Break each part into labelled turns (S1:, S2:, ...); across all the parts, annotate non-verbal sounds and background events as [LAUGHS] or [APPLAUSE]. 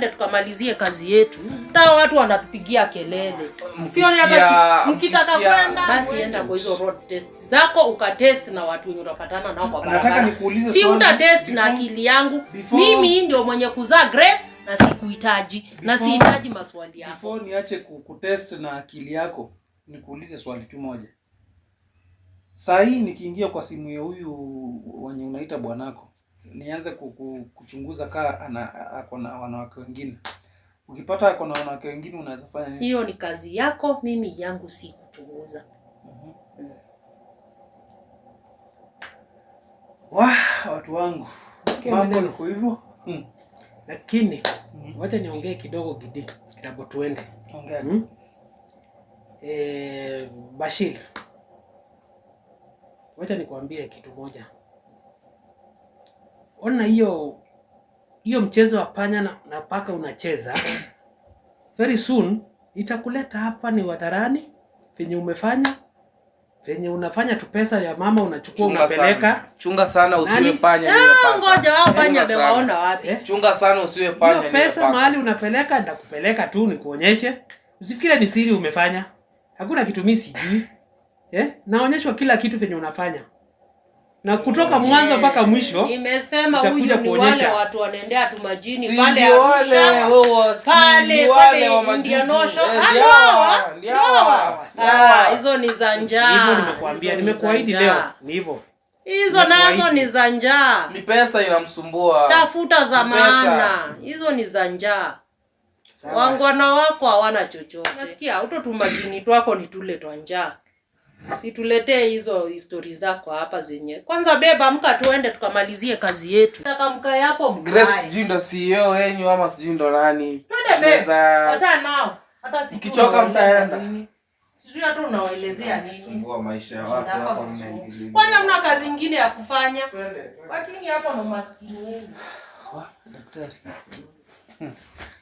S1: tuende tukamalizie kazi yetu. Taa watu wanatupigia kelele, sioni hata mkitaka kwenda. Basi enda kwa hizo road test zako ukatest na watu wenye utapatana nao kwa barabara, si uta test na akili yangu. Mimi ndio mwenye kuzaa Grace na sikuhitaji na sihitaji maswali yako.
S2: Before niache kukutest na akili yako, nikuulize swali tu moja. Saa hii nikiingia kwa simu ya huyu wenye unaita bwanako nianze kuchunguza kaa ana ako na wanawake wengine. Ukipata ako na wanawake wengine unaweza fanya
S1: nini? Hiyo ni kazi yako, mimi yangu si kuchunguza. mm -hmm. mm.
S2: watu wangu mambo iko hivyo mm.
S3: Lakini mm wacha niongee kidogo Gidi kitambo tuende. Ongea. mm. E, Bashir, wacha nikwambie kitu moja ona hiyo hiyo mchezo wa panya na, na paka unacheza very soon itakuleta hapa ni wadharani, venye umefanya venye unafanya tu pesa ya mama unachukua unapeleka.
S4: Chunga sana usiwe panya ah, paka.
S1: Ngoja wao panya wamewaona wapi? Eh?
S4: Chunga sana usiwe panya niwe Pesa
S3: mahali unapeleka ndakupeleka tu nikuonyeshe. Usifikire ni siri umefanya. Hakuna kitu mimi sijui. Eh? Naonyeshwa kila kitu venye unafanya na kutoka mwanzo eh, mpaka mwisho
S1: imesema huyu ni wale watu wanaendea tu majini pale Arusha pale pale ndio nosho eh, ah, ah, ah, hizo ni za njaa.
S2: Hivyo nimekuambia, nimekuahidi leo ni hivyo.
S1: Hizo nazo ni za njaa.
S4: Ni pesa inamsumbua.
S1: Tafuta za maana. Hizo ni za njaa. Wangwana wako hawana chochote. Nasikia utotuma majini twako ni tule twa njaa. Situletee hizo histori zako hapa zenye. Kwanza beba, amka tuende tukamalizie kazi yetu. Nataka mkae hapo mkae.
S4: Grace sijui ndo CEO wenyu ama sijui ndo nani.
S1: Twende beba. Hata nao. Hata sijui. Ukichoka mtaenda. Sijui hata unawaelezea nini.
S4: Sumbua maisha ya watu
S1: hapa mnaingilia. Kwanza mna kazi nyingine ya kufanya? Twende. Lakini hapo ndo maskini wenu.
S3: Wa Daktari. [LAUGHS]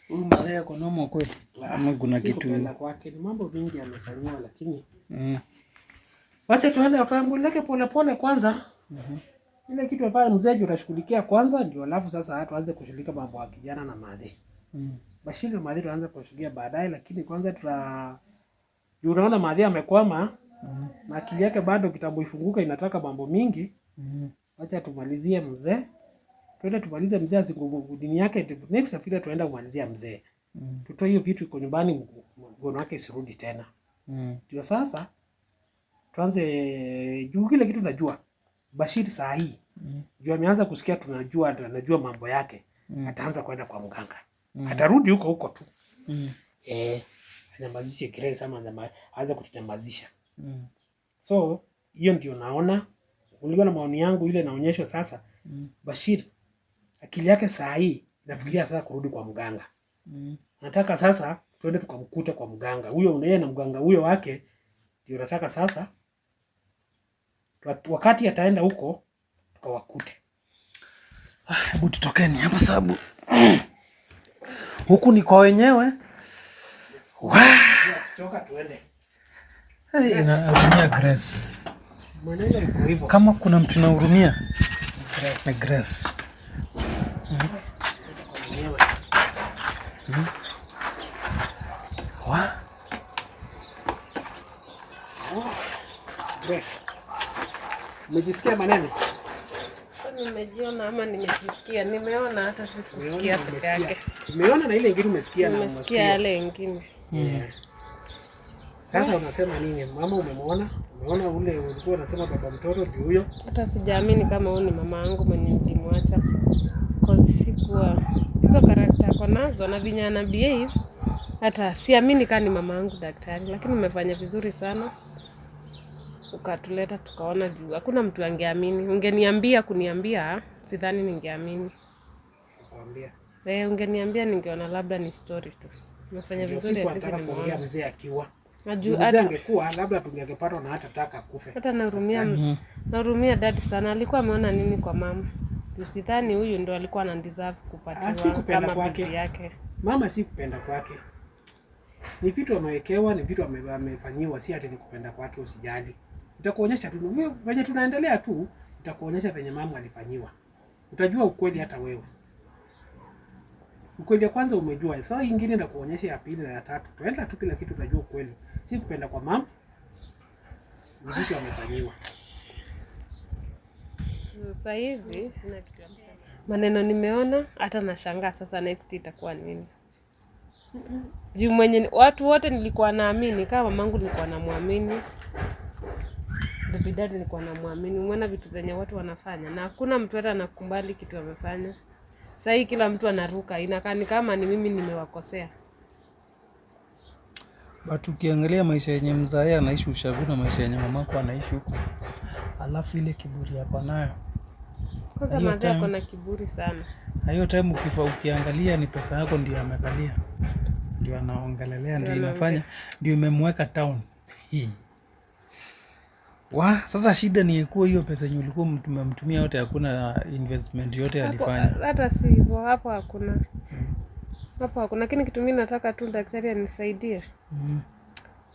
S3: Huyu Maria kwa nomo kweli. Ama kuna kitu. Mambo mengi amefanywa lakini. Mm. Wacha tuende tuambuleke polepole kwanza. Mm-hmm. Ile kitu ambayo mzee utashughulikia kwanza ndio alafu sasa tuanze kushughulika mambo ya kijana na madhi. Mm. Bashiri na madhi tuanze kushughulikia baadaye lakini kwanza tuta juu unaona madhi amekwama mm. na akili yake bado kitambo ifunguka inataka mambo mingi. Mm. Wacha tumalizie mzee. Tuende tumalize mzee asingudini yake next afira tuenda kumalizia mzee. Mm. Tutoe hiyo vitu iko nyumbani mgono wake isirudi tena. Mm. Ndio sasa tuanze juu, kile kitu najua Bashir saa hii mm. juu ameanza kusikia, tunajua najua mambo yake mm. ataanza kwenda kwa mganga mm. atarudi huko huko tu mm. eh, anyamazishe Grace ama aanze kutunyamazisha mm. so hiyo ndio naona kulingana na maoni yangu ile naonyeshwa sasa mm. Bashir akili yake saa hii nafikiria sasa kurudi kwa mganga mm. nataka sasa tuende tukamkuta kwa mganga huyo, yeye na mganga huyo wake ndio nataka sasa wakati ataenda huko tukawakute.
S2: Ah, hebu tutokeni hapo, sababu huku ni kwa wenyewe. Grace, kama kuna mtu nahurumia Grace.
S3: Umejisikia maneno?
S1: Nimejiona ama nimejisikia? Nimeona hata sikusikia peke yake.
S3: Umeona na ile ingine umesikia
S1: na umesikia ile ingine. Yeah.
S3: Sasa unasema nini? Mama umemwona? Umeona ule ulikuwa unasema baba mtoto ndio huyo?
S1: Hata sijaamini kama huyo ni mama yangu mwenye nilimwacha. Cause sikuwa hizo karakta kwa nazo na vinyana behave. Hata siamini kama ni mama yangu daktari, lakini umefanya vizuri sana ukatuleta tukaona, juu hakuna mtu angeamini. Ungeniambia kuniambia, sidhani ningeamini. E, ungeniambia ningeona labda ni story tu. Umefanya vizuri, hata nahurumia mm-hmm. nahurumia dadi sana, alikuwa ameona nini kwa mama? huyu ndo alikuwa ana deserve kupatiwa ah, kama bibi yake.
S3: Mama si kupenda kwake, ni vitu amewekewa, ni vitu amefanyiwa, si ati ni kupenda kwake. Usijali. Nitakuonyesha tu venye tunaendelea tu, nitakuonyesha venye mama alifanyiwa, utajua ukweli hata wewe. Ukweli ya kwanza umejua, sasa so, ingine na kuonyesha ya pili na ya tatu, tuenda tu kila kitu utajua ukweli. Si kupenda kwa mama ni amefanyiwa.
S1: Sasa hizi sina kitu maneno nimeona, hata nashangaa sasa next itakuwa nini juu mwenye watu wote nilikuwa naamini kama mamangu nilikuwa namwamini Abidar nilikuwa namwamini, umeona vitu zenye watu wanafanya, na hakuna mtu hata anakubali kitu amefanya. Sasa hii kila mtu anaruka, inakaa kama ni mimi nimewakosea.
S2: But ukiangalia maisha yenye mzae anaishi ushavu na maisha yenye mamako anaishi huko, alafu ile kiburi hapa nayo
S1: kwanza, ako na kiburi sana.
S2: Na hiyo time ukifa, ukiangalia ni pesa yako ndio amekalia, ndio anaongelelea, ndio inafanya, ndio imemweka town hii wa, sasa shida ni kuwa hiyo pesa yenye ulikuwa mmemtumia yote hakuna investment yote alifanya.
S1: Hata si hivyo, hapo hakuna. Hmm. Hapo hakuna, lakini kitu mimi nataka tu daktari anisaidie. Hmm.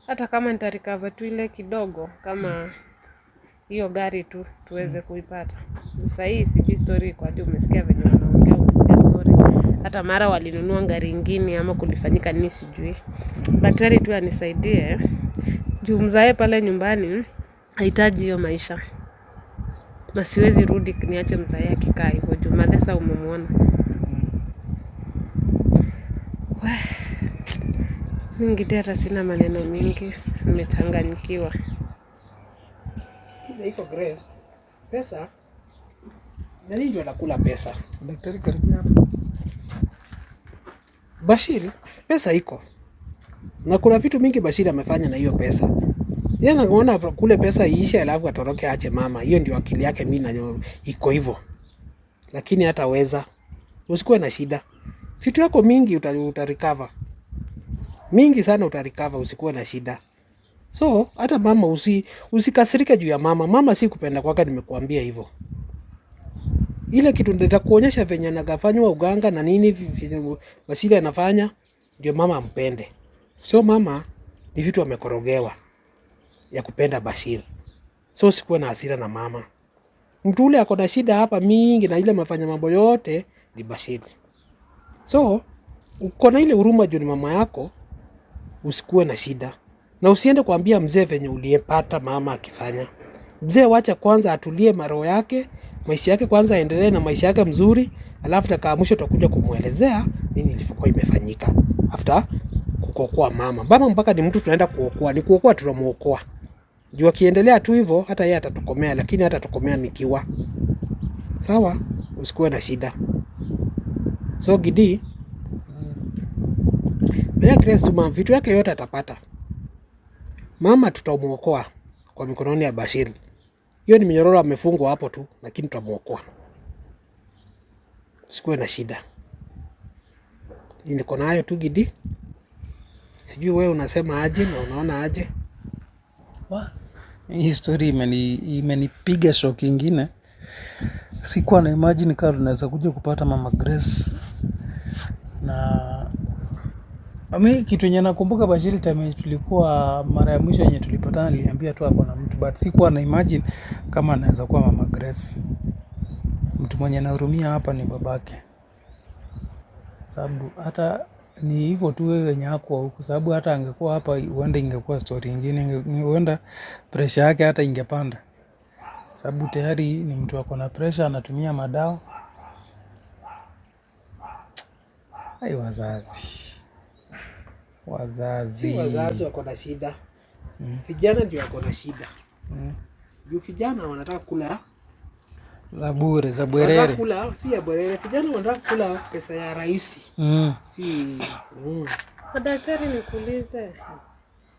S1: Hata kama nitarecover tu ile kidogo kama mm. hiyo hmm, gari tu tuweze hmm, kuipata. Sasa hii sijui story iko aje, umesikia venye wanaongea, umesikia sorry, Hata mara walinunua gari ingine ama kulifanyika nini sijui. Mm. Daktari tu anisaidie. Juu mzae pale nyumbani hmm hahitaji hiyo maisha, na siwezi rudi niache mzai akikaa hivyo juu madhesa umemwona. Mingi tena, sina maneno mingi, nimechanganyikiwa.
S3: Iko Grace, pesa nani ndio anakula pesa? Daktari karibu hapa. Bashiri, pesa iko na kuna vitu mingi Bashiri amefanya na hiyo pesa. Yeye anaona kule pesa iishe alafu atoroke aache mama. Hiyo ndio akili yake, mimi nayo iko hivyo. Lakini hataweza. Usikuwe na shida. Vitu yako mingi utarecover. Mingi sana utarecover, usikuwe na shida. So, hata mama usi usikasirike juu ya mama. Mama si kupenda kwake, nimekuambia hivyo. Ile kitu nitakuonyesha venye anagafanywa uganga na nini Wasili anafanya ndio mama ampende. So mama ni vitu amekorogewa ya kupenda Bashir. So sikuwa na hasira na mama. Mtu ule ako na shida hapa mingi na ile mafanya mambo yote ni Bashir. So uko na ile huruma juu ni mama yako, usikuwe na shida. Na usiende kuambia mzee venye uliyepata mama akifanya. Mzee wacha kwanza atulie maroho yake, maisha yake kwanza aendelee na maisha yake mzuri, alafu takamwisho tutakuja kumuelezea nini ilivyokuwa imefanyika. After kukokoa mama. Mama mpaka ni mtu tunaenda kuokoa, ni kuokoa tunamuokoa juu akiendelea tu hivyo hata yeye atatukomea, lakini hata tokomea mikiwa. Sawa, usikuwe na shida. So Gidii bila Grace Juma vitu yake yote atapata. Mama tutamuokoa kwa mikononi ya Bashir. Hiyo ni minyororo amefungwa hapo tu, lakini tutamuokoa. usikuwe na shida. Niko nayo tu gidi Sijui wewe unasema aje na unaona aje?
S2: Wa? hii story imeni imenipiga shock ingine. Sikuwa na imagine kama tunaweza kuja kupata Mama Grace na mimi kitu yenye nakumbuka Bashiri, time tulikuwa mara ya mwisho yenye tulipatana, niliambia tu hapo na mtu but sikuwa na imagine kama anaweza kuwa Mama Grace. Mtu mwenye anahurumia hapa ni babake, sababu hata ni hivyo tu wenye ako huku, sababu hata angekuwa hapa, huenda ingekuwa stori ingine, huenda presha yake hata ingepanda, sababu tayari ni mtu ako na presha, anatumia madawa. Ai, wazazi wazazi,
S3: si wazazi wako na shida, hmm. vijana ndio wako na shida hmm. juu Vijana wanataka kula
S2: za bure za bwerere,
S3: si ya bwerere. Vijana wanataka kula pesa ya rais mm. si
S1: mm. Daktari, nikuulize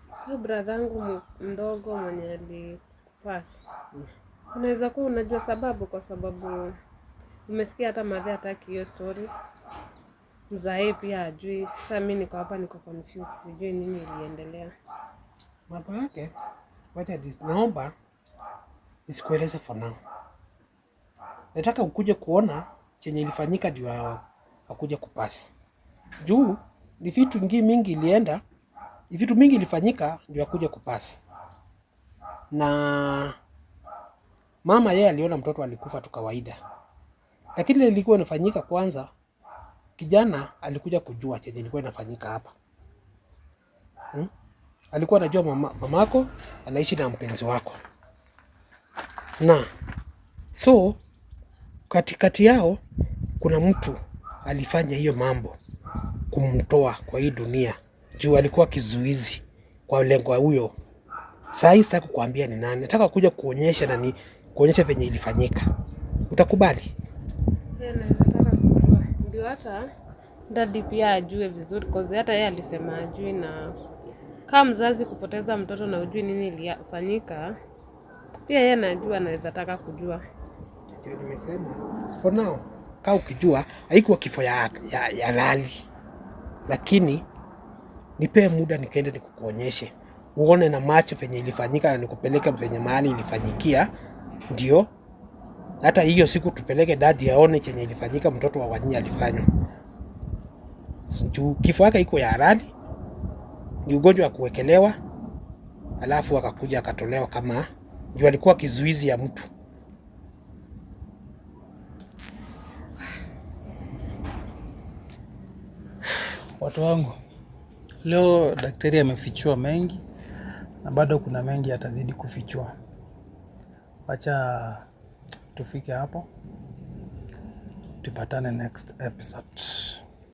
S1: huyo bradhangu mdogo mwenye alipasi, unaweza kuwa unajua sababu, kwa sababu umesikia hata madhe hataki hiyo story, mzae pia ajui Sasa mimi niko hapa, niko confused, sijui nini iliendelea
S3: mambo yake. Wacha naomba nisikueleze for now nataka ukuje kuona chenye ilifanyika ndio akuja kupasi juu ni vitu ngi mingi ilienda, ni vitu mingi ilifanyika ndio akuja kupasi. Na mama yeye aliona mtoto alikufa tu kawaida, lakini ile ilikuwa inafanyika kwanza, kijana alikuja kujua chenye ilikuwa inafanyika hapa hmm? Alikuwa anajua mama, mamako anaishi na mpenzi wako na so katikati yao kuna mtu alifanya hiyo mambo kumtoa kwa hii dunia juu alikuwa kizuizi kwa lengo huyo. Saa hii sitaki kukuambia ni nani, nataka kuja kuonyesha na ni kuonyesha venye ilifanyika. Utakubali?
S1: Ndio, hata dadi pia ajue vizuri, kwa hata yeye alisema ajui, na kama mzazi kupoteza mtoto na ujui nini ilifanyika, pia yeye najua anaweza taka kujua
S3: ndio nimesema for now, kaa ukijua haikuwa kifo ya, ya, ya lali, lakini nipee muda nikaende nikukuonyeshe uone na macho venye ilifanyika na nikupeleke venye mahali ilifanyikia, ndio hata hiyo siku tupeleke dadi aone chenye ilifanyika, mtoto wa Wanyi alifanywa juu kifo yake iko ya halali, ni ugonjwa wa kuwekelewa, alafu akakuja akatolewa kama juu alikuwa kizuizi ya mtu.
S2: watoto wangu. Leo daktari amefichua mengi na bado kuna mengi atazidi kufichua. Wacha tufike hapo, tupatane next episode.